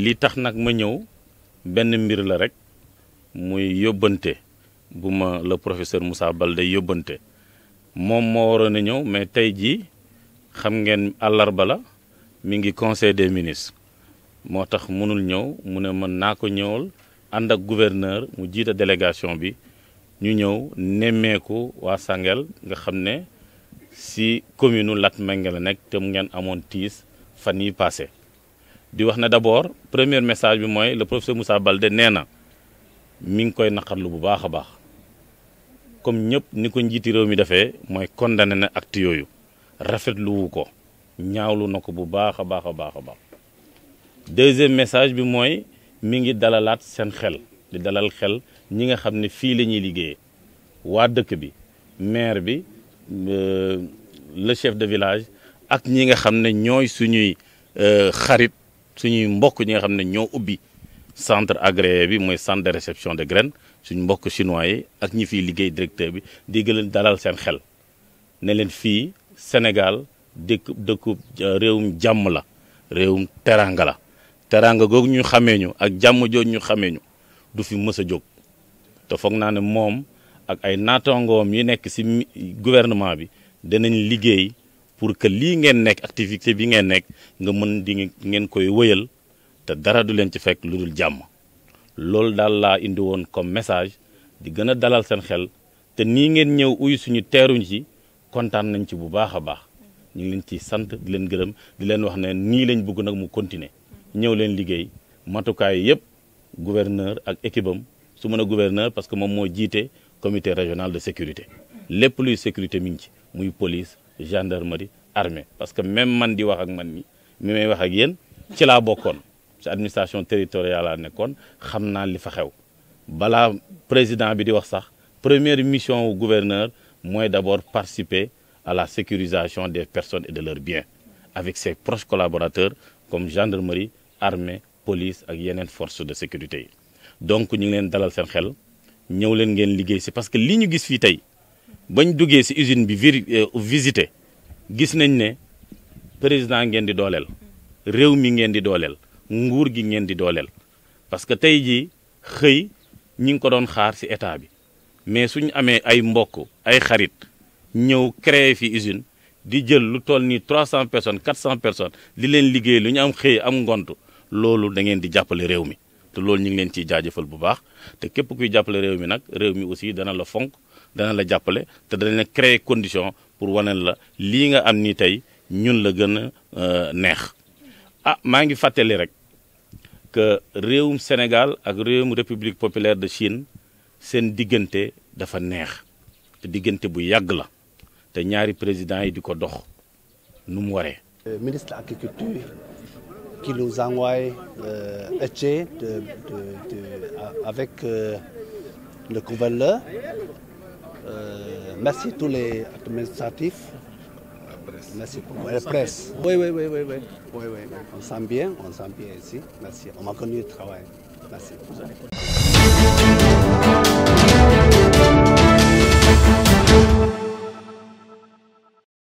li tax nag ma ñëw benn mbir la rek muy yóbbante bu ma la professeur Moussa Baldé yóbbante moom moo waroon a ñëw mais tey jii xam ngeen àllarba la mi ngi conseil des ministres moo tax mënul ñëw mu ne mën naa ko ñëwal ànd ak gouverneur mu jiita délégation bi ñu ñëw nemmeeku waa Sangel nga xam ne si commune Latmingué la nekk te mu ngeen amoon tiis fan yi passé di wax ne d'abord premier message bi mooy le professeur Moussa Baldé nee na mi ngi koy naqatlu bu baax a baax comme ñëpp ni ko njiiti réew mi defee mooy condamné na acte yooyu rafetlu wu ko ñaawlu na ko bu baax a baax a baax a baax deuxième message bi mooy mi ngi dalalaat seen xel di dalal xel ñi nga xam ne fii la ñuy liggéeyee waa dëkk bi maire bi euh, le chef de village ak ñi nga xam ne ñooy suñuy euh, xarit suñuy mbokk ñi nga xam ne ñoo ubbi centre agréé bi mooy centre de réception de graines suñu mbokk chinois yi ak ñi fiy liggéey directeur bi di gën leen dalal seen xel ne leen fii Sénégal dëkk dëkku réewum jàmm la réewum teranga la teranga googu ñu xamee ñu ak jàmm jooju ñu xamee ñu du fi mës a jóg te foog naa ne moom ak ay naatangoom yi nekk ci gouvernement bi danañ liggéey pour que lii ngeen nekk activité bi ngeen nekk nga mën di ngeen koy wëyal te dara du leen ci fekk lu dul jàmm loolu daal laa indi woon comme message di gën a dalal seen xel te nii ngeen ñëw uyu suñu teeru ci kontaan nañ ci bu baax a baax ñu ngi leen ciy sant di leen gërëm di leen wax ne nii lañ bugg nag mu continuer ñëw leen liggéey matukaay yëpp gouverneur ak équipe su mën a gouverneur parce que moom moo jiite comité régional de sécurité lépp luy sécurité mi ngi ci muy gendarmerie armée parce que même man di wax ak man ni ni may wax ak ci la ci administration territoriale la ne xam naa li fa xew président bi di wax sax première mission au gouverneur moy d'abord participer à la sécurisation des personnes et de leurs biens avec ses proches collaborateurs comme gendarmerie armée police ak yeneen forces de sécurité donc nous ngi leen dalal seen xel ñew leen ngeen liggéey parce que li ñu gis fi tay bañ duggee si usine bi euh, visité gis nañ président ngeen di dooleel réew mi di parce que tey jii xëy ko doon xaar si état bi mais si amee ay mbokk ay xarit ñëw créer fi usine di jël lu toll ni 300 personnes 400 personnes li leen liggéey lu ñu am xëy am ngontu loolu da ngeen di te loolu ñu ngi leen ciy jaajëfal bu baax te képp kuy jàppale réew mi nag réew mi aussi dana la fonk dana la jàppale te dana créer condition pour waneel la lii nga am ni tey ñun la gën a euh, neex ah maa ngi fàttali rek que réewum Sénégal ak réewum République populaire de Chine seen diggante dafa neex te diggante bu yàgg la te ñaari président yi di ko dox nu mu waree. Euh, ministre agriculture qui nous envoie euh, avec euh, le gouverneur. Euh, merci tous les administratifs. Merci pour la presse. Oui, oui, oui, oui, oui. On sent bien, on sent bien ici. Merci. On m'a connu le travail. Merci.